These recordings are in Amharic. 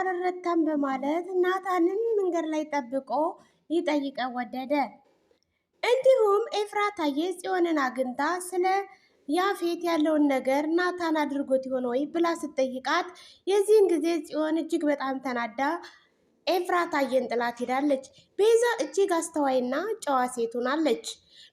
አልረታም በማለት ናታንን መንገድ ላይ ጠብቆ ሊጠይቀ ወደደ። እንዲሁም ኤፍራታዬ ጽዮንን አግኝታ ስለ ያፌት ያለውን ነገር ናታን አድርጎት ይሆን ወይ ብላ ስትጠይቃት የዚህን ጊዜ ጽዮን እጅግ በጣም ተናዳ አየን ጥላት ሄዳለች። ቤዛ እጅግ አስተዋይና ጨዋ ሴት ሆናለች።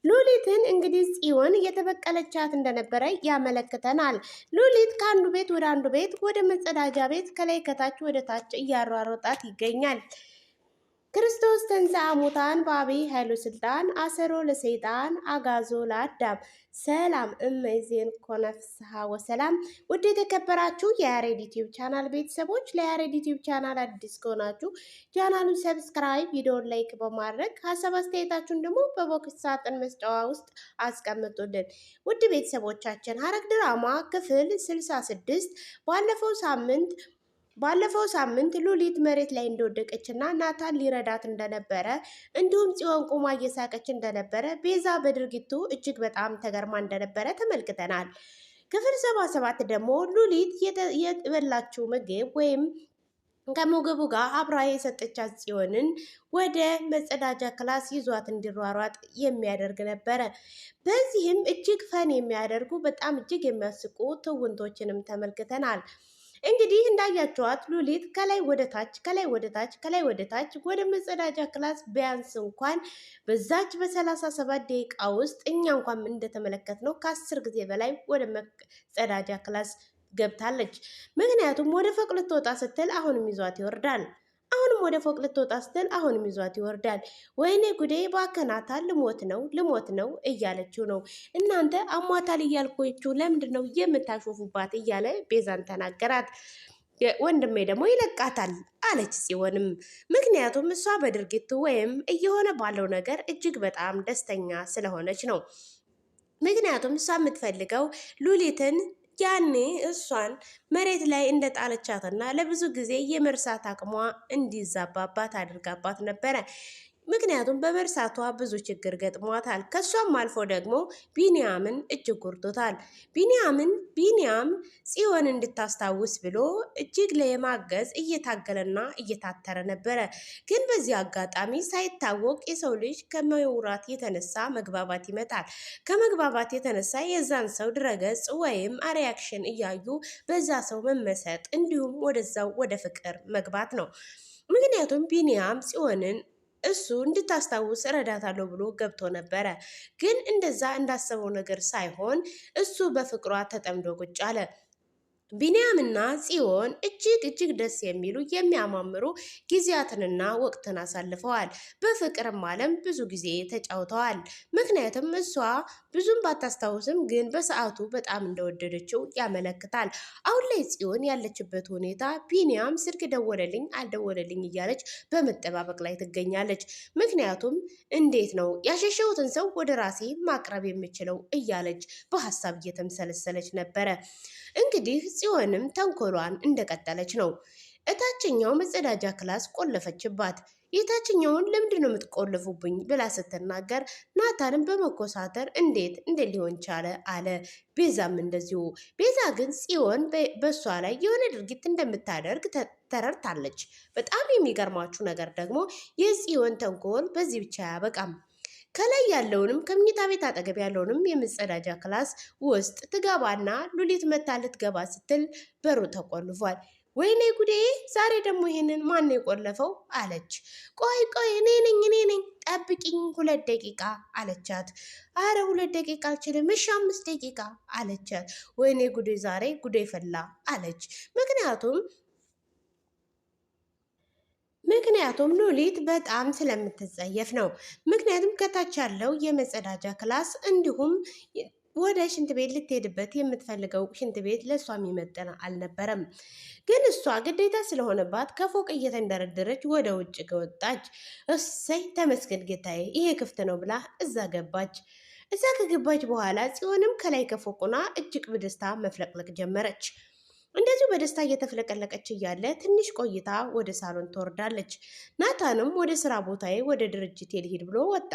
ሉሊትን እንግዲህ ጽዮን እየተበቀለቻት እንደነበረ ያመለክተናል። ሉሊት ከአንዱ ቤት ወደ አንዱ ቤት፣ ወደ መጸዳጃ ቤት ከላይ ከታች ወደ ታች እያሯሮጣት ይገኛል። ክርስቶስ ተንሥአ ሙታን በአብይ ኃይሉ ስልጣን አሰሮ ለሰይጣን አጋዞ ለአዳም ሰላም እመይዜን ኮነ ፍስሐ ወሰላም። ውድ የተከበራችሁ የያሬድ ዩቲዩብ ቻናል ቤተሰቦች ለያሬድ ዩቲዩብ ቻናል አዲስ ከሆናችሁ ቻናሉን ሰብስክራይብ፣ ቪዲዮን ላይክ በማድረግ ሀሳብ አስተያየታችሁን ደግሞ በቦክስ ሳጥን መስጫዋ ውስጥ አስቀምጡልን። ውድ ቤተሰቦቻችን ሐረግ ድራማ ክፍል ስልሳ ስድስት ባለፈው ሳምንት ባለፈው ሳምንት ሉሊት መሬት ላይ እንደወደቀችና ናታን ሊረዳት እንደነበረ እንዲሁም ጽዮን ቁማ እየሳቀች እንደነበረ ቤዛ በድርጊቱ እጅግ በጣም ተገርማ እንደነበረ ተመልክተናል። ክፍል ሰባ ሰባት ደግሞ ሉሊት የበላችው ምግብ ወይም ከምግቡ ጋር አብራ የሰጠቻት ጽዮንን ወደ መጸዳጃ ክላስ ይዟት እንዲሯሯጥ የሚያደርግ ነበረ። በዚህም እጅግ ፈን የሚያደርጉ በጣም እጅግ የሚያስቁ ትውንቶችንም ተመልክተናል። እንግዲህ እንዳያቸዋት ሉሊት ከላይ ወደ ታች ከላይ ወደ ታች ከላይ ወደ ታች ወደ መጸዳጃ ክላስ ቢያንስ እንኳን በዛች በሰላሳ ሰባት ደቂቃ ውስጥ እኛ እንኳን እንደተመለከት ነው ከአስር ጊዜ በላይ ወደ መጸዳጃ ክላስ ገብታለች። ምክንያቱም ወደ ፎቅ ልትወጣ ስትል አሁንም ይዟት ይወርዳል። አሁንም ወደ ፎቅ ልትወጣ ስትል አሁንም ይዟት ይወርዳል። ወይኔ ጉዴ ባከናታ፣ ልሞት ነው ልሞት ነው እያለችው ነው። እናንተ አሟታል እያልኮችው ለምንድን ነው የምታሾፉባት? እያለ ቤዛን ተናገራት። ወንድሜ ደግሞ ይለቃታል አለች ጽዮንም። ምክንያቱም እሷ በድርጊቱ ወይም እየሆነ ባለው ነገር እጅግ በጣም ደስተኛ ስለሆነች ነው። ምክንያቱም እሷ የምትፈልገው ሉሊትን ያኔ እሷን መሬት ላይ እንደጣለቻትና ለብዙ ጊዜ የመርሳት አቅሟ እንዲዛባባት አድርጋባት ነበረ። ምክንያቱም በመርሳቷ ብዙ ችግር ገጥሟታል። ከሷም አልፎ ደግሞ ቢኒያምን እጅግ ጎርቶታል። ቢኒያምን ቢኒያም ጽዮን እንድታስታውስ ብሎ እጅግ ለማገዝ እየታገለና እየታተረ ነበረ። ግን በዚህ አጋጣሚ ሳይታወቅ የሰው ልጅ ከመውራት የተነሳ መግባባት ይመጣል። ከመግባባት የተነሳ የዛን ሰው ድረገጽ ወይም ሪያክሽን እያዩ በዛ ሰው መመሰጥ እንዲሁም ወደዛው ወደ ፍቅር መግባት ነው። ምክንያቱም ቢኒያም ጽዮንን እሱ እንድታስታውስ እረዳታለሁ ብሎ ገብቶ ነበረ። ግን እንደዛ እንዳሰበው ነገር ሳይሆን እሱ በፍቅሯ ተጠምዶ ቁጭ አለ። ቢንያምና ጽዮን እጅግ እጅግ ደስ የሚሉ የሚያማምሩ ጊዜያትንና ወቅትን አሳልፈዋል። በፍቅርም ዓለም ብዙ ጊዜ ተጫውተዋል። ምክንያቱም እሷ ብዙም ባታስታውስም ግን በሰዓቱ በጣም እንደወደደችው ያመለክታል። አሁን ላይ ጽዮን ያለችበት ሁኔታ ቢንያም ስልክ ደወለልኝ አልደወለልኝ እያለች በመጠባበቅ ላይ ትገኛለች። ምክንያቱም እንዴት ነው ያሸሸሁትን ሰው ወደ ራሴ ማቅረብ የምችለው እያለች በሀሳብ እየተምሰለሰለች ነበረ። እንግዲህ ጽዮንም ተንኮሏን እንደቀጠለች ነው። እታችኛው መጸዳጃ ክላስ ቆለፈችባት። የታችኛውን ለምንድን ነው የምትቆልፉብኝ ብላ ስትናገር ናታንም በመኮሳተር እንዴት እንዴት ሊሆን ቻለ አለ። ቤዛም እንደዚሁ። ቤዛ ግን ጽዮን በእሷ ላይ የሆነ ድርጊት እንደምታደርግ ተረድታለች። በጣም የሚገርማችሁ ነገር ደግሞ የጽዮን ተንኮል በዚህ ብቻ አያበቃም። ከላይ ያለውንም ከምኝታ ቤት አጠገብ ያለውንም የመጸዳጃ ክላስ ውስጥ ትገባና ሉሊት መታ ልትገባ ስትል በሩ ተቆልፏል። ወይኔ ጉዴ! ዛሬ ደግሞ ይሄንን ማን የቆለፈው አለች። ቆይ ቆይ፣ እኔ ነኝ እኔ ነኝ ጠብቂኝ ሁለት ደቂቃ አለቻት። አረ ሁለት ደቂቃ አልችልም፣ እሺ አምስት ደቂቃ አለቻት። ወይኔ ጉዴ! ዛሬ ጉዴ ፈላ አለች። ምክንያቱም ምክንያቱም ሉሊት በጣም ስለምትጸየፍ ነው። ምክንያቱም ከታች ያለው የመጸዳጃ ክላስ እንዲሁም ወደ ሽንት ቤት ልትሄድበት የምትፈልገው ሽንት ቤት ለእሷ የሚመጠን አልነበረም። ግን እሷ ግዴታ ስለሆነባት ከፎቅ እየተንደረደረች ወደ ውጭ ወጣች። እሰይ ተመስገን ጌታዬ፣ ይሄ ክፍት ነው ብላ እዛ ገባች። እዛ ከገባች በኋላ ጽዮንም ከላይ ከፎቁና እጅግ በደስታ መፍለቅለቅ ጀመረች። እንደዚሁ በደስታ እየተፍለቀለቀች እያለ ትንሽ ቆይታ ወደ ሳሎን ትወርዳለች። ናታንም ወደ ስራ ቦታዬ ወደ ድርጅት ልሂድ ብሎ ወጣ።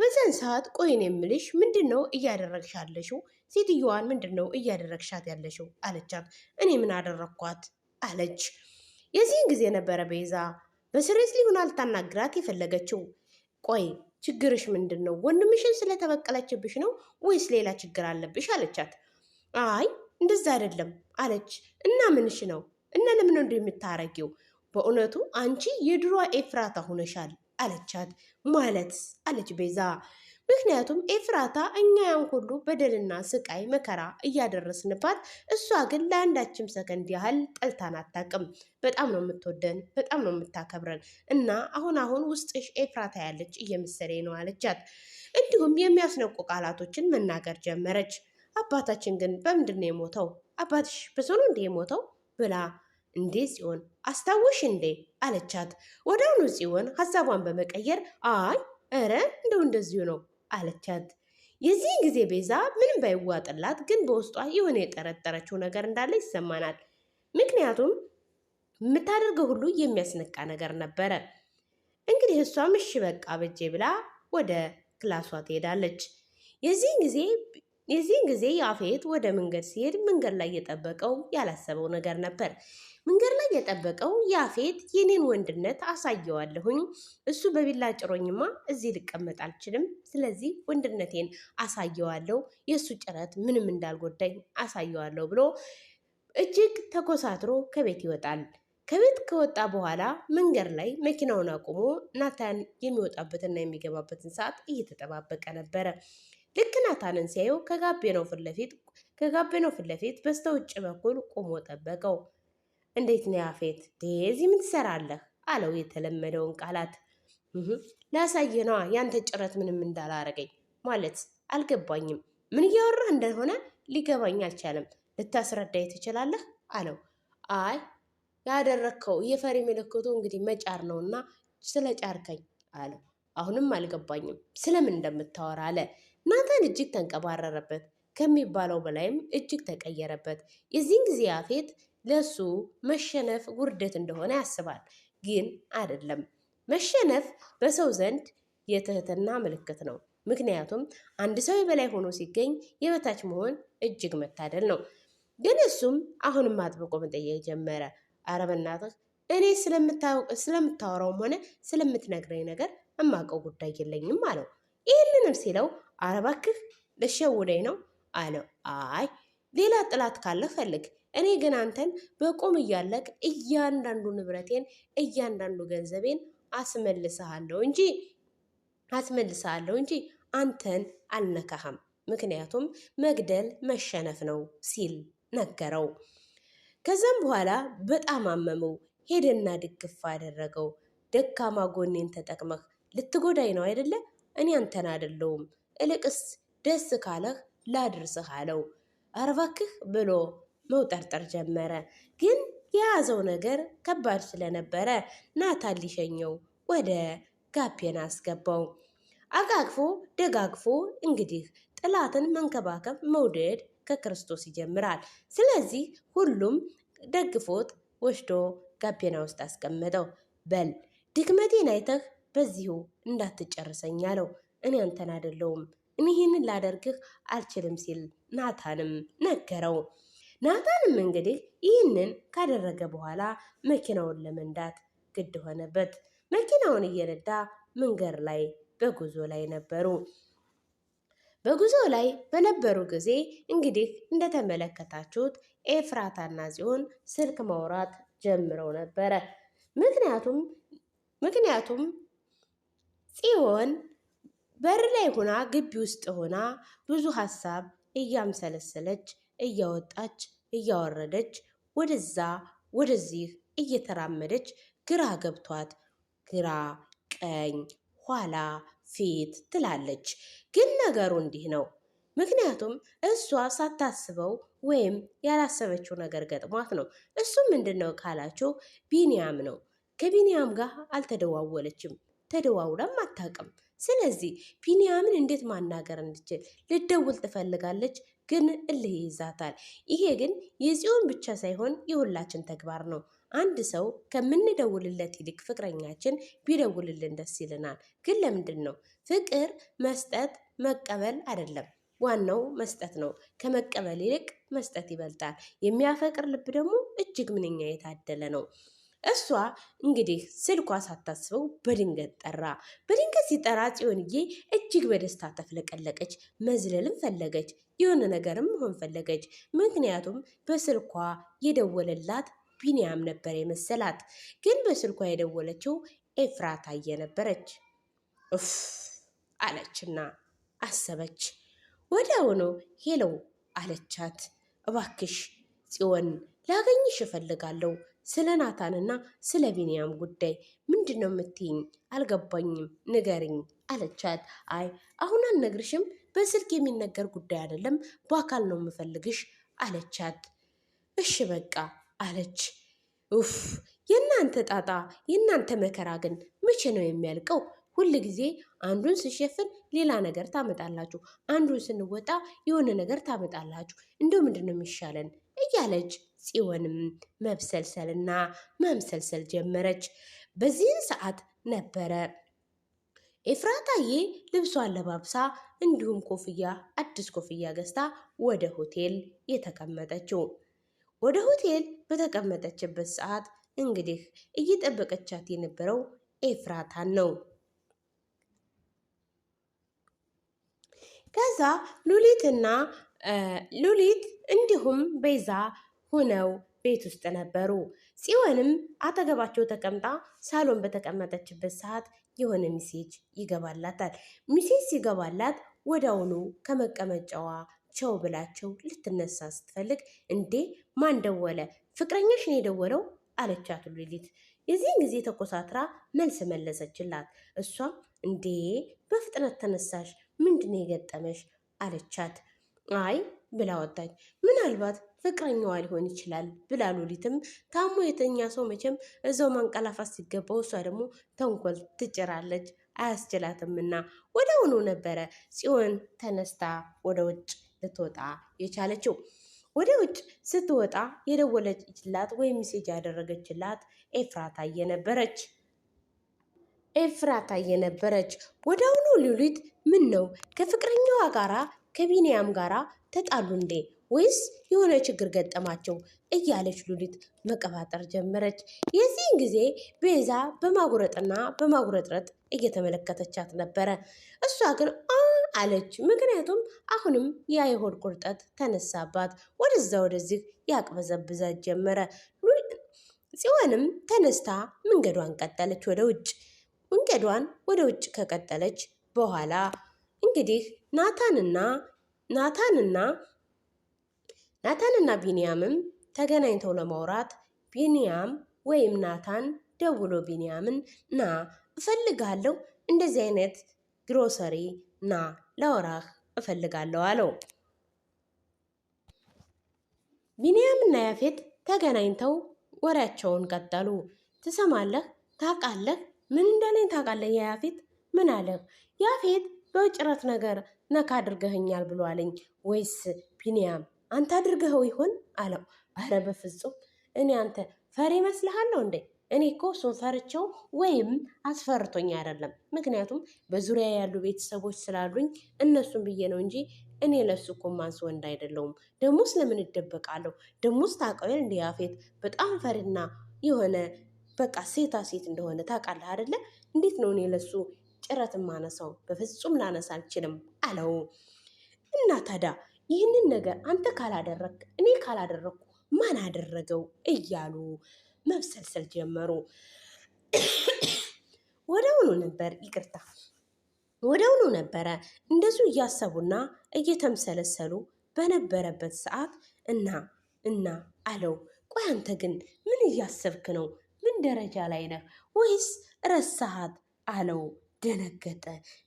በዚያን ሰዓት ቆይን የምልሽ ምንድን ነው እያደረግሽ ያለሽው? ሴትዮዋን ምንድን ነው እያደረግሻት ያለሽው አለቻት። እኔ ምን አደረግኳት አለች። የዚህን ጊዜ ነበረ ቤዛ በስሬስ ሊሆን አልታናግራት የፈለገችው። ቆይ ችግርሽ ምንድን ነው? ወንድምሽን ስለተበቀለችብሽ ነው ወይስ ሌላ ችግር አለብሽ? አለቻት። አይ እንደዛ አይደለም አለች። እና ምንሽ ነው? እና ለምን እንደ የምታረጊው? በእውነቱ አንቺ የድሮ ኤፍራታ ሆነሻል አለቻት። ማለት አለች ቤዛ። ምክንያቱም ኤፍራታ እኛ ያን ሁሉ በደልና ስቃይ መከራ እያደረስንባት፣ እሷ ግን ለአንዳችም ሰከንድ ያህል ጠልታን አታውቅም። በጣም ነው የምትወደን፣ በጣም ነው የምታከብረን እና አሁን አሁን ውስጥሽ ኤፍራታ ያለች እየመሰለኝ ነው አለቻት። እንዲሁም የሚያስነቁ ቃላቶችን መናገር ጀመረች። አባታችን ግን በምንድን ነው የሞተው? አባትሽ በሰኑ እንዴ የሞተው ብላ እንዴ ጽዮን አስታውሽ እንዴ አለቻት። ወዲያውኑ ጽዮን ሀሳቧን በመቀየር አይ እረ እንደው እንደዚሁ ነው አለቻት። የዚህ ጊዜ ቤዛ ምንም ባይዋጥላት፣ ግን በውስጧ የሆነ የጠረጠረችው ነገር እንዳለ ይሰማናል። ምክንያቱም የምታደርገው ሁሉ የሚያስነቃ ነገር ነበረ። እንግዲህ እሷም እሺ በቃ በጄ ብላ ወደ ክላሷ ትሄዳለች። የዚህን ጊዜ የዚህን ጊዜ ያፌት ወደ መንገድ ሲሄድ መንገድ ላይ የጠበቀው ያላሰበው ነገር ነበር። መንገድ ላይ የጠበቀው ያፌት የኔን ወንድነት አሳየዋለሁኝ፣ እሱ በቢላ ጭሮኝማ እዚህ ልቀመጥ አልችልም። ስለዚህ ወንድነቴን አሳየዋለሁ፣ የእሱ ጭረት ምንም እንዳልጎዳኝ አሳየዋለሁ ብሎ እጅግ ተኮሳትሮ ከቤት ይወጣል። ከቤት ከወጣ በኋላ መንገድ ላይ መኪናውን አቁሞ ናታን የሚወጣበትና የሚገባበትን ሰዓት እየተጠባበቀ ነበረ። ልክ ናታንን ሲያየው ከጋቤናው ፊት ለፊት ከጋቤናው ፊት ለፊት በስተ በኩል ቆሞ ጠበቀው። እንዴት ነው ያፌት፣ እዚህ ምን ትሰራለህ? አለው የተለመደውን ቃላት። ላሳየ ነዋ ያንተ ጭረት ምንም እንዳላረገኝ ማለት አልገባኝም። ምን እያወራህ እንደሆነ ሊገባኝ አልቻለም። ልታስረዳኝ ትችላለህ? አለው። አይ ያደረግከው የፈሪ ምልክቱ እንግዲህ መጫር ነውና ስለ ጫርከኝ አለው። አሁንም አልገባኝም ስለምን እንደምታወራ አለ። ናታን እጅግ ተንቀባረረበት። ከሚባለው በላይም እጅግ ተቀየረበት። የዚህን ጊዜ ያፌት ለሱ መሸነፍ ውርደት እንደሆነ ያስባል። ግን አይደለም። መሸነፍ በሰው ዘንድ የትህትና ምልክት ነው። ምክንያቱም አንድ ሰው የበላይ ሆኖ ሲገኝ የበታች መሆን እጅግ መታደል ነው። ግን እሱም አሁንም አጥብቆ መጠየቅ ጀመረ። አረ በናትህ እኔ ስለምታወራውም ሆነ ስለምትነግረኝ ነገር እማውቀው ጉዳይ የለኝም አለው። ይህንንም ሲለው ኧረ ልሸውደኝ ነው አለው። አይ ሌላ ጥላት ካለ ፈልግ። እኔ ግን አንተን በቁም እያለቅ እያንዳንዱ ንብረቴን እያንዳንዱ ገንዘቤን አስመልስሃለሁ እንጂ አስመልስሃለሁ እንጂ አንተን አልነካህም። ምክንያቱም መግደል መሸነፍ ነው ሲል ነገረው። ከዛም በኋላ በጣም አመመው። ሄደና ድግፍ አደረገው። ደካማ ጎኔን ተጠቅመህ ልትጎዳኝ ነው አይደለ? እኔ አንተን አይደለውም እልቅስ ደስ ካለህ ላድርስህ አለው። አርባክህ ብሎ መውጠርጠር ጀመረ። ግን የያዘው ነገር ከባድ ስለነበረ ናታን ሊሸኘው ወደ ጋፔና አስገባው። አጋግፎ ደጋግፎ እንግዲህ ጥላትን መንከባከብ መውደድ ከክርስቶስ ይጀምራል። ስለዚህ ሁሉም ደግፎት ወስዶ ጋቤና ውስጥ አስቀመጠው። በል ድክመቴን አይተህ በዚሁ እንዳትጨርሰኝ አለው። እኔ አንተን አይደለውም እኔ ይህንን ላደርግህ አልችልም ሲል ናታንም ነገረው። ናታንም እንግዲህ ይህንን ካደረገ በኋላ መኪናውን ለመንዳት ግድ ሆነበት። መኪናውን እየነዳ መንገድ ላይ በጉዞ ላይ ነበሩ። በጉዞ ላይ በነበሩ ጊዜ እንግዲህ እንደተመለከታችሁት ኤፍራታና ጽዮን ስልክ ማውራት ጀምረው ነበረ። ምክንያቱም ምክንያቱም ጽዮን በር ላይ ሆና ግቢ ውስጥ ሆና ብዙ ሀሳብ እያምሰለሰለች እያወጣች እያወረደች ወደዛ ወደዚህ እየተራመደች ግራ ገብቷት ግራ ቀኝ ኋላ ፊት ትላለች። ግን ነገሩ እንዲህ ነው። ምክንያቱም እሷ ሳታስበው ወይም ያላሰበችው ነገር ገጥሟት ነው። እሱም ምንድን ነው ካላችሁ ቢንያም ነው። ከቢንያም ጋር አልተደዋወለችም፣ ተደዋውላም አታውቅም። ስለዚህ ቢንያምን እንዴት ማናገር እንችል ልደውል ትፈልጋለች፣ ግን እልህ ይይዛታል። ይሄ ግን የጽዮን ብቻ ሳይሆን የሁላችን ተግባር ነው። አንድ ሰው ከምንደውልለት ይልቅ ፍቅረኛችን ቢደውልልን ደስ ይለናል። ግን ለምንድን ነው? ፍቅር መስጠት መቀበል አይደለም። ዋናው መስጠት ነው። ከመቀበል ይልቅ መስጠት ይበልጣል። የሚያፈቅር ልብ ደግሞ እጅግ ምንኛ የታደለ ነው። እሷ እንግዲህ ስልኳ ሳታስበው በድንገት ጠራ። በድንገት ሲጠራ ጽዮንዬ እጅግ በደስታ ተፍለቀለቀች። መዝለልም ፈለገች፣ የሆነ ነገርም መሆን ፈለገች። ምክንያቱም በስልኳ የደወለላት ቢንያም ነበር የመሰላት። ግን በስልኳ የደወለችው ኤፍራታዬ ነበረች። እፍ አለችና አሰበች። ወዲያውኑ ሄለው አለቻት። እባክሽ ጽዮን ላገኝሽ እፈልጋለሁ ስለ ናታንና ስለ ቢንያም ጉዳይ ምንድን ነው የምትይኝ? አልገባኝም፣ ንገርኝ አለቻት። አይ አሁን አልነግርሽም፣ በስልክ የሚነገር ጉዳይ አይደለም፣ በአካል ነው የምፈልግሽ አለቻት። እሺ በቃ አለች። ኡፍ የእናንተ ጣጣ የእናንተ መከራ ግን መቼ ነው የሚያልቀው? ሁል ጊዜ አንዱን ስሸፍን ሌላ ነገር ታመጣላችሁ፣ አንዱን ስንወጣ የሆነ ነገር ታመጣላችሁ። እንደው ምንድን ነው የሚሻለን እያለች ጽዮንም መብሰልሰልና መምሰልሰል ጀመረች። በዚህን ሰዓት ነበረ ኤፍራታዬ ልብሷን ለባብሳ እንዲሁም ኮፍያ አዲስ ኮፍያ ገዝታ ወደ ሆቴል የተቀመጠችው። ወደ ሆቴል በተቀመጠችበት ሰዓት እንግዲህ እየጠበቀቻት የነበረው ኤፍራታን ነው። ከዛ ሉሊትና ሉሊት እንዲሁም ቤዛ ሆነው ቤት ውስጥ ነበሩ። ጽዮንም አጠገባቸው ተቀምጣ ሳሎን በተቀመጠችበት ሰዓት የሆነ ሚሴጅ ይገባላታል። ሚሴጅ ሲገባላት ወዲያውኑ ከመቀመጫዋ ቸው ብላቸው ልትነሳ ስትፈልግ እንዴ ማን ደወለ? ፍቅረኛሽ ነው የደወለው አለቻት ሉሊት። የዚህን ጊዜ ተኮሳትራ መልስ መለሰችላት። እሷም እንዴ በፍጥነት ተነሳሽ፣ ምንድን ነው የገጠመሽ አለቻት። አይ ብላ ወጣች። ምናልባት ፍቅረኛዋ ሊሆን ይችላል ብላ ሉሊትም ታሞ የተኛ ሰው መቼም እዛው ማንቀላፋት ሲገባው እሷ ደግሞ ተንኮል ትጭራለች አያስችላትምና ወደ ውኑ ነበረ ጽዮን ተነስታ ወደ ውጭ ልትወጣ የቻለችው። ወደ ውጭ ስትወጣ የደወለችላት ወይም ሜሴጅ ያደረገችላት ኤፍራታ የነበረች ኤፍራታ እየነበረች ወደ አሁኑ ሉሊት ምን ነው ከፍቅረኛዋ ጋራ ከቢንያም ጋራ ተጣሉ እንዴ ወይስ የሆነ ችግር ገጠማቸው እያለች ሉሊት መቀባጠር ጀመረች። የዚህን ጊዜ ቤዛ በማጉረጥና በማጉረጥረጥ እየተመለከተቻት ነበረ። እሷ ግን አለች። ምክንያቱም አሁንም ያ የሆድ ቁርጠት ተነሳባት። ወደዛ ወደዚህ ያቅበዘብዛት ጀመረ። ጽዮንም ተነስታ መንገዷን ቀጠለች ወደ ውጭ። መንገዷን ወደ ውጭ ከቀጠለች በኋላ እንግዲህ ናታንና ናታንና ናታንና ቢንያምም ተገናኝተው ለማውራት ቢንያም ወይም ናታን ደውሎ ቢንያምን ና እፈልጋለሁ እንደዚህ አይነት ግሮሰሪ ና ላወራህ እፈልጋለሁ አለው። ቢንያምና ያፌት ተገናኝተው ወሬያቸውን ቀጠሉ። ትሰማለህ፣ ታውቃለህ፣ ምን እንደለኝ ታውቃለህ ያፌት ምን አለህ ያፌት? በጭረት ነገር ነካ አድርገኸኛል ብሎ አለኝ። ወይስ ቢንያም አንተ አድርገኸው ይሆን አለው። አረ በፍጹም እኔ አንተ ፈሪ ይመስልሃለሁ እንዴ? እኔ እኮ እሱን ፈርቸው ወይም አስፈርቶኝ አይደለም። ምክንያቱም በዙሪያ ያሉ ቤተሰቦች ስላሉኝ እነሱን ብዬ ነው እንጂ እኔ ለሱ እኮ ማንስ ወንድ አይደለውም። ደሞስ ለምን እደበቃለሁ? ደሞስ ታውቀዋለህ እንዲ ያፌት በጣም ፈሪና የሆነ በቃ ሴታ ሴት እንደሆነ ታውቃለህ አይደለ? እንዴት ነው እኔ ለሱ ጭረት ማነሳው በፍጹም ላነሳ አልችልም አለው። እና ታዲያ ይህንን ነገር አንተ ካላደረግ እኔ ካላደረግኩ ማን አደረገው እያሉ መብሰልሰል ጀመሩ። ወደውኑ ነበር ይቅርታ፣ ወደውኑ ነበረ እንደሱ እያሰቡና እየተምሰለሰሉ በነበረበት ሰዓት እና እና አለው። ቆይ አንተ ግን ምን እያሰብክ ነው? ምን ደረጃ ላይ ነህ? ወይስ ረሳሃት? አለው ደነገጠ።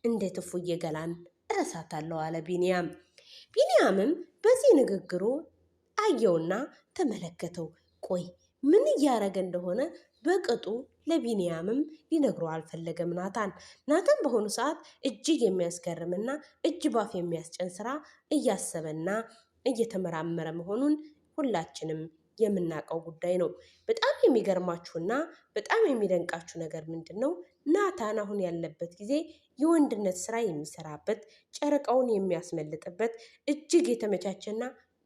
እንዴት እፉዬ ገላን እረሳታለሁ አለ ቢንያም። ቢንያምም በዚህ ንግግሩ አየውና ተመለከተው። ቆይ ምን እያረገ እንደሆነ በቅጡ ለቢንያምም ሊነግሮ አልፈለገም። ናታን ናታን በአሁኑ ሰዓት እጅግ የሚያስገርምና እጅ ባፍ የሚያስጨን ስራ እያሰበና እየተመራመረ መሆኑን ሁላችንም የምናውቀው ጉዳይ ነው። በጣም የሚገርማችሁና በጣም የሚደንቃችሁ ነገር ምንድን ነው? ናታን አሁን ያለበት ጊዜ የወንድነት ስራ የሚሰራበት ጨረቃውን የሚያስመልጥበት እጅግ የተመቻቸና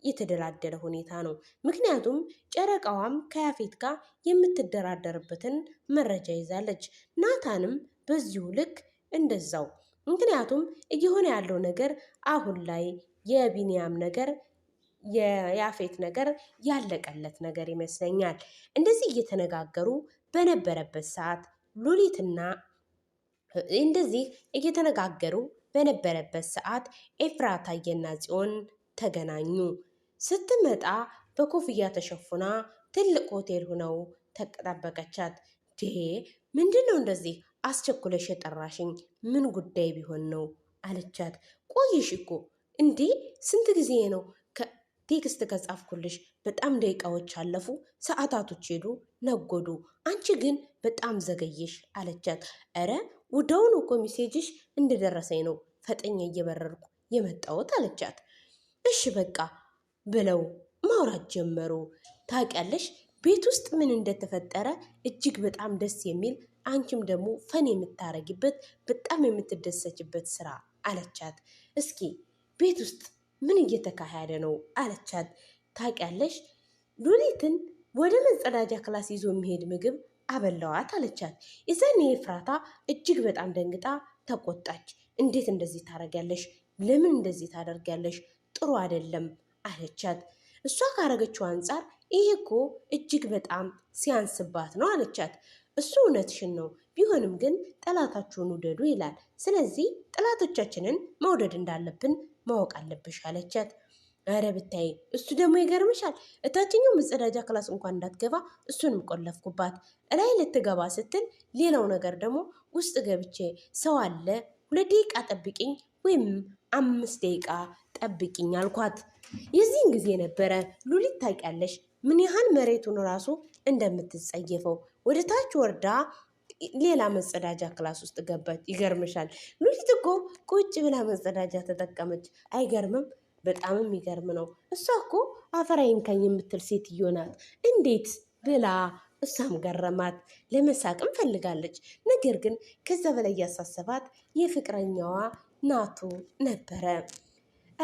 የተደራደረ ሁኔታ ነው። ምክንያቱም ጨረቃዋም ከያፌት ጋር የምትደራደርበትን መረጃ ይዛለች። ናታንም በዚሁ ልክ እንደዛው። ምክንያቱም እየሆነ ያለው ነገር አሁን ላይ የቢንያም ነገር የያፌት ነገር ያለቀለት ነገር ይመስለኛል። እንደዚህ እየተነጋገሩ በነበረበት ሰዓት ሉሊትና እንደዚህ እየተነጋገሩ በነበረበት ሰዓት የና ጽዮን ተገናኙ። ስትመጣ በኮፍያ ተሸፉና ትልቅ ሆቴል ሆነው ተጠበቀቻት። ዴ ምንድን ነው እንደዚህ አስቸኩለሽ የጠራሽኝ ምን ጉዳይ ቢሆን ነው አለቻት። ቆይሽ እኮ እንዴ ስንት ጊዜ ነው ቴክስት ከጻፍኩልሽ በጣም ደቂቃዎች አለፉ፣ ሰዓታቶች ሄዱ፣ ነጎዱ፣ አንቺ ግን በጣም ዘገየሽ አለቻት። እረ ውደውን እኮ ሚሴጅሽ እንደደረሰኝ ነው ፈጠኛ እየበረርኩ የመጣሁት አለቻት። እሺ በቃ ብለው ማውራት ጀመሩ። ታውቂያለሽ ቤት ውስጥ ምን እንደተፈጠረ እጅግ በጣም ደስ የሚል አንቺም ደግሞ ፈን የምታረጊበት በጣም የምትደሰችበት ስራ አለቻት። እስኪ ቤት ውስጥ ምን እየተካሄደ ነው አለቻት። ታውቂያለሽ ሉሊትን ወደ መጸዳጃ ክላስ ይዞ የሚሄድ ምግብ አበላዋት አለቻት። የዛኔ ኤፍራታ እጅግ በጣም ደንግጣ ተቆጣች። እንዴት እንደዚህ ታደርጊያለሽ? ለምን እንደዚህ ታደርጊያለሽ? ጥሩ አይደለም አለቻት። እሷ ካረገችው አንጻር ይህ እኮ እጅግ በጣም ሲያንስባት ነው አለቻት። እሱ እውነትሽን ነው፣ ቢሆንም ግን ጠላታችሁን ውደዱ ይላል። ስለዚህ ጠላቶቻችንን መውደድ እንዳለብን ማወቅ አለብሽ አለቻት። አረ ብታይ እሱ ደግሞ ይገርምሻል፣ እታችኛው መጸዳጃ ክላስ እንኳን እንዳትገባ እሱንም ቆለፍኩባት። እላይ ልትገባ ስትል ሌላው ነገር ደግሞ ውስጥ ገብቼ ሰው አለ ሁለት ደቂቃ ጠብቂኝ ወይም አምስት ደቂቃ ጠብቂኝ አልኳት። የዚህን ጊዜ ነበረ ሉሊት ታውቂያለሽ ምን ያህል መሬቱን ራሱ እንደምትጸየፈው ወደ ታች ወርዳ ሌላ መጸዳጃ ክላስ ውስጥ ገባች። ይገርምሻል። ሉሊት እኮ ቁጭ ብላ መጸዳጃ ተጠቀመች። አይገርምም? በጣም የሚገርም ነው። እሷ እኮ አፈራይን የምትል ሴትዮ ናት። እንዴት ብላ እሷም ገረማት። ለመሳቅም ፈልጋለች። ነገር ግን ከዛ በላይ ያሳሰባት የፍቅረኛዋ ናቱ ነበረ።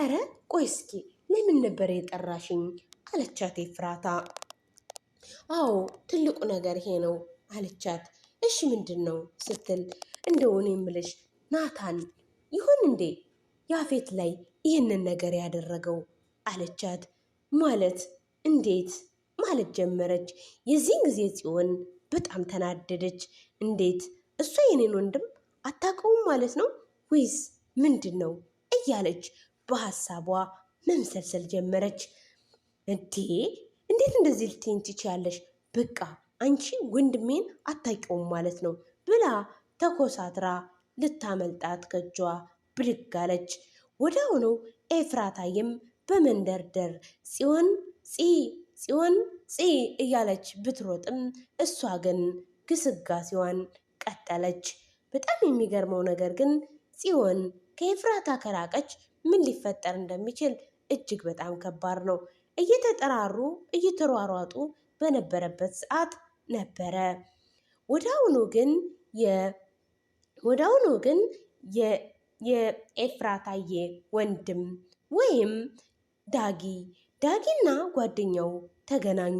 ኧረ ቆይ እስኪ ለምን ነበር የጠራሽኝ? አለቻት ፍራታ። አዎ ትልቁ ነገር ይሄ ነው አለቻት። እሺ ምንድን ነው ስትል እንደው እኔ የምልሽ ናታን ይሁን እንዴ ያፌት ላይ ይህንን ነገር ያደረገው አለቻት። ማለት እንዴት ማለት ጀመረች። የዚህን ጊዜ ጽዮን በጣም ተናደደች። እንዴት እሷ የኔን ወንድም አታውቀውም ማለት ነው ወይስ ምንድን ነው እያለች በሀሳቧ መምሰልሰል ጀመረች። እንዴ እንዴት እንደዚህ ልትይኝ ትችያለሽ? በቃ አንቺ ወንድሜን አታውቂውም ማለት ነው ብላ ተኮሳትራ ልታመልጣት ከጇ ብድግ አለች። ወዲያውኑ ኤፍራታይም በመንደርደር ጽዮን ፂ ጽዮን ፂ እያለች ብትሮጥም እሷ ግን ግስጋሴዋን ቀጠለች። በጣም የሚገርመው ነገር ግን ጽዮን ከኤፍራታ ከራቀች ምን ሊፈጠር እንደሚችል እጅግ በጣም ከባድ ነው። እየተጠራሩ እየተሯሯጡ በነበረበት ሰዓት ነበረ። ወዳውኑ ግን ወዳውኑ ግን የኤፍራታዬ ወንድም ወይም ዳጊ ዳጊና ጓደኛው ተገናኙ።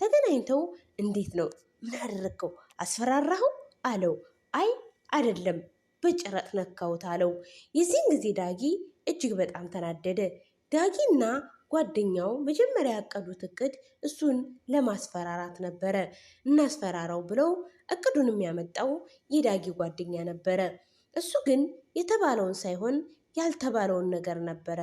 ተገናኝተው እንዴት ነው ምን አደረግከው? አስፈራራኸው አለው። አይ አይደለም በጭረጥ ነካሁት አለው። የዚህን ጊዜ ዳጊ እጅግ በጣም ተናደደ። ዳጊና ጓደኛው መጀመሪያ ያቀዱት እቅድ እሱን ለማስፈራራት ነበረ። እናስፈራራው ብለው እቅዱን የሚያመጣው የዳጊ ጓደኛ ነበረ። እሱ ግን የተባለውን ሳይሆን ያልተባለውን ነገር ነበረ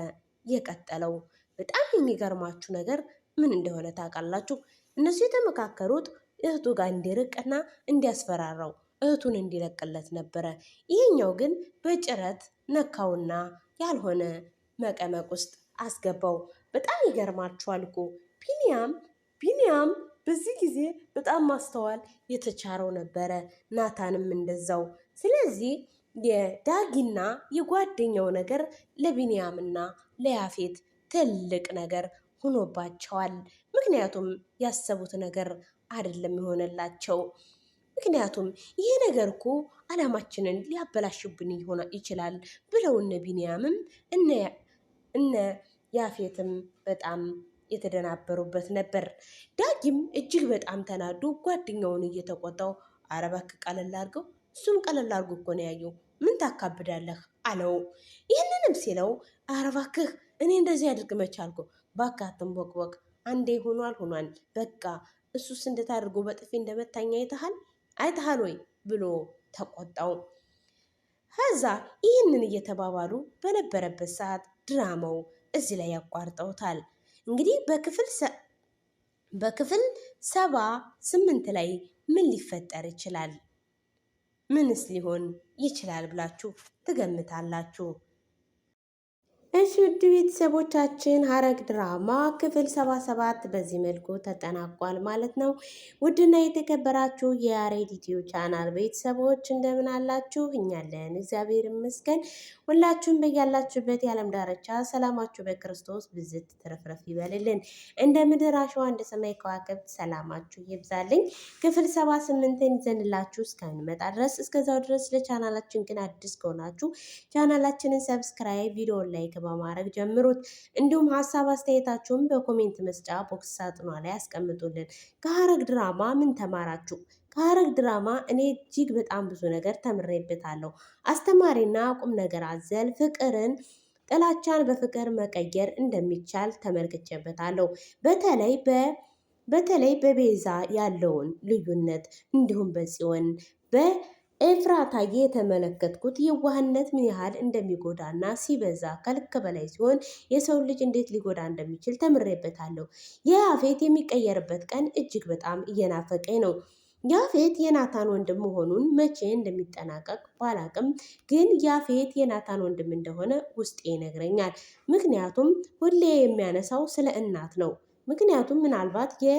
የቀጠለው። በጣም የሚገርማችሁ ነገር ምን እንደሆነ ታውቃላችሁ? እነሱ የተመካከሩት እህቱ ጋር እንዲርቅና እንዲያስፈራራው እህቱን እንዲለቅለት ነበረ። ይህኛው ግን በጭረት ነካውና ያልሆነ መቀመቅ ውስጥ አስገባው። በጣም ይገርማችኋል እኮ ቢኒያም ቢኒያም በዚህ ጊዜ በጣም ማስተዋል የተቻረው ነበረ። ናታንም እንደዛው። ስለዚህ የዳጊና የጓደኛው ነገር ለቢንያምና ለያፌት ትልቅ ነገር ሆኖባቸዋል። ምክንያቱም ያሰቡት ነገር አይደለም የሆነላቸው። ምክንያቱም ይሄ ነገር እኮ አላማችንን ሊያበላሽብን ይሆና ይችላል ብለው እነ ቢንያምም እነ ያፌትም በጣም የተደናበሩበት ነበር። ዳጊም እጅግ በጣም ተናዶ ጓደኛውን እየተቆጣው አረባክ ቀለል አድርገው እሱም ቀለል አድርጎ እኮ ነው ያየው ምን ታካብዳለህ አለው። ይህንንም ሲለው አረባክህ እኔ እንደዚህ አድርግ መች አልኩ ባካትም ቦቅቦቅ አንዴ ሆኗል ሆኗል በቃ እሱስ እንዴት አድርጎ በጥፊ እንደመታኝ አይተሃል አይተሃል ወይ ብሎ ተቆጣው። ከዛ ይህንን እየተባባሉ በነበረበት ሰዓት ድራማው እዚህ ላይ ያቋርጠውታል። እንግዲህ በክፍል በክፍል ሰባ ስምንት ላይ ምን ሊፈጠር ይችላል? ምንስ ሊሆን ይችላል ብላችሁ ትገምታላችሁ? እሺ ውድ ቤተሰቦቻችን ሐረግ ድራማ ክፍል ሰባ ሰባት በዚህ መልኩ ተጠናቋል ማለት ነው። ውድና የተከበራችሁ የያሬድ ኢትዮ ቻናል ቤተሰቦች እንደምን አላችሁ? እኛለን እግዚአብሔር ይመስገን። ሁላችሁም በያላችሁበት የዓለም ዳርቻ ሰላማችሁ በክርስቶስ ብዝት ትረፍረፍ ይበልልን። እንደ ምድር አሸዋ እንደ ሰማይ ከዋክብት ሰላማችሁ ይብዛልኝ። ክፍል ሰባ ስምንትን ይዘንላችሁ እስከምንመጣ ድረስ እስከዛው ድረስ ለቻናላችን ግን አዲስ ከሆናችሁ ቻናላችንን ሰብስክራይብ ቪዲዮ ላይክ በማድረግ ጀምሩት። እንዲሁም ሀሳብ አስተያየታችሁን በኮሜንት መስጫ ቦክስ ሳጥኗ ላይ ያስቀምጡልን። ከሀረግ ድራማ ምን ተማራችሁ? ከሀረግ ድራማ እኔ እጅግ በጣም ብዙ ነገር ተምሬበታለሁ። አስተማሪና ቁም ነገር አዘል ፍቅርን ጥላቻን በፍቅር መቀየር እንደሚቻል ተመልክቼበታለሁ። በተለይ በ በተለይ በቤዛ ያለውን ልዩነት እንዲሁም በጽዮን በ ኤፍራታዬ የተመለከትኩት የዋህነት ምን ያህል እንደሚጎዳና ሲበዛ ከልክ በላይ ሲሆን የሰው ልጅ እንዴት ሊጎዳ እንደሚችል ተምሬበታለሁ። የአፌት የሚቀየርበት ቀን እጅግ በጣም እየናፈቀኝ ነው። ያፌት የናታን ወንድም መሆኑን መቼ እንደሚጠናቀቅ ባላቅም ግን ያፌት የናታን ወንድም እንደሆነ ውስጤ ይነግረኛል። ምክንያቱም ሁሌ የሚያነሳው ስለ እናት ነው። ምክንያቱም ምናልባት የ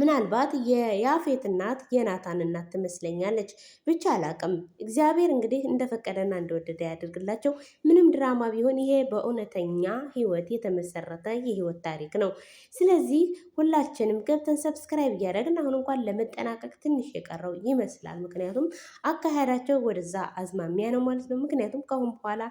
ምናልባት የያፌት እናት የናታን እናት ትመስለኛለች። ብቻ አላቅም። እግዚአብሔር እንግዲህ እንደፈቀደና እንደወደደ ያደርግላቸው። ምንም ድራማ ቢሆን ይሄ በእውነተኛ ሕይወት የተመሰረተ የሕይወት ታሪክ ነው። ስለዚህ ሁላችንም ገብተን ሰብስክራይብ እያደረግን አሁን እንኳን ለመጠናቀቅ ትንሽ የቀረው ይመስላል። ምክንያቱም አካሄዳቸው ወደዛ አዝማሚያ ነው ማለት ነው። ምክንያቱም ከአሁን በኋላ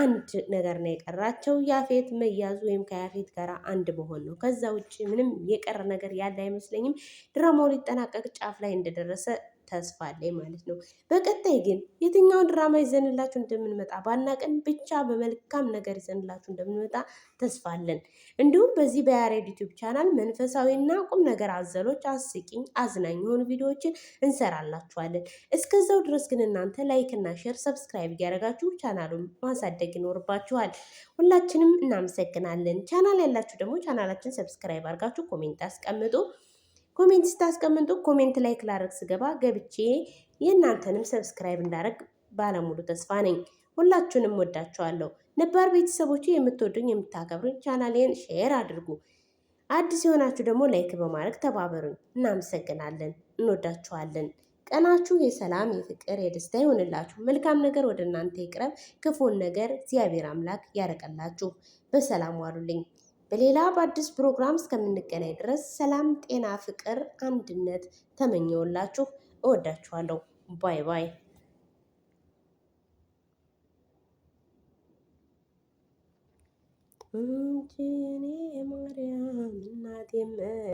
አንድ ነገር ነው የቀራቸው ያፌት መያዙ ወይም ከያፌት ጋር አንድ መሆን ነው። ከዛ ውጭ ምንም የቀረ ነገር ያለ አይመስለኝም። ድራማው ሊጠናቀቅ ጫፍ ላይ እንደደረሰ ተስፋ አለኝ ማለት ነው። በቀጣይ ግን የትኛውን ድራማ ይዘንላችሁ እንደምንመጣ ባናቀን ብቻ በመልካም ነገር ይዘንላችሁ እንደምንመጣ ተስፋ አለን። እንዲሁም በዚህ በያሬድ ዩቲዩብ ቻናል መንፈሳዊና ቁም ነገር አዘሎች አስቂኝ፣ አዝናኝ የሆኑ ቪዲዮዎችን እንሰራላችኋለን። እስከዛው ድረስ ግን እናንተ ላይክና ሼር፣ ሰብስክራይብ እያደረጋችሁ ቻናሉን ማሳደግ ይኖርባችኋል። ሁላችንም እናመሰግናለን። ቻናል ያላችሁ ደግሞ ቻናላችን ሰብስክራይብ አድርጋችሁ ኮሜንት አስቀምጡ። ኮሜንት ስታስቀምጡ ኮሜንት ላይክ ላረግ ስገባ ገብቼ የእናንተንም ሰብስክራይብ እንዳረግ ባለሙሉ ተስፋ ነኝ። ሁላችሁንም ወዳችኋለሁ። ነባር ቤተሰቦች የምትወዱኝ የምታከብሩኝ፣ ቻናሌን ሼር አድርጉ። አዲስ የሆናችሁ ደግሞ ላይክ በማድረግ ተባበሩኝ። እናመሰግናለን። እንወዳችኋለን። ቀናችሁ የሰላም የፍቅር የደስታ ይሆንላችሁ። መልካም ነገር ወደ እናንተ ይቅረብ፣ ክፉን ነገር እግዚአብሔር አምላክ ያረቀላችሁ። በሰላም ዋሉልኝ። በሌላ በአዲስ ፕሮግራም እስከምንገናኝ ድረስ ሰላም፣ ጤና፣ ፍቅር፣ አንድነት ተመኘውላችሁ። እወዳችኋለሁ። ባይ ባይ። እንቺ እኔ ማርያም እናቴ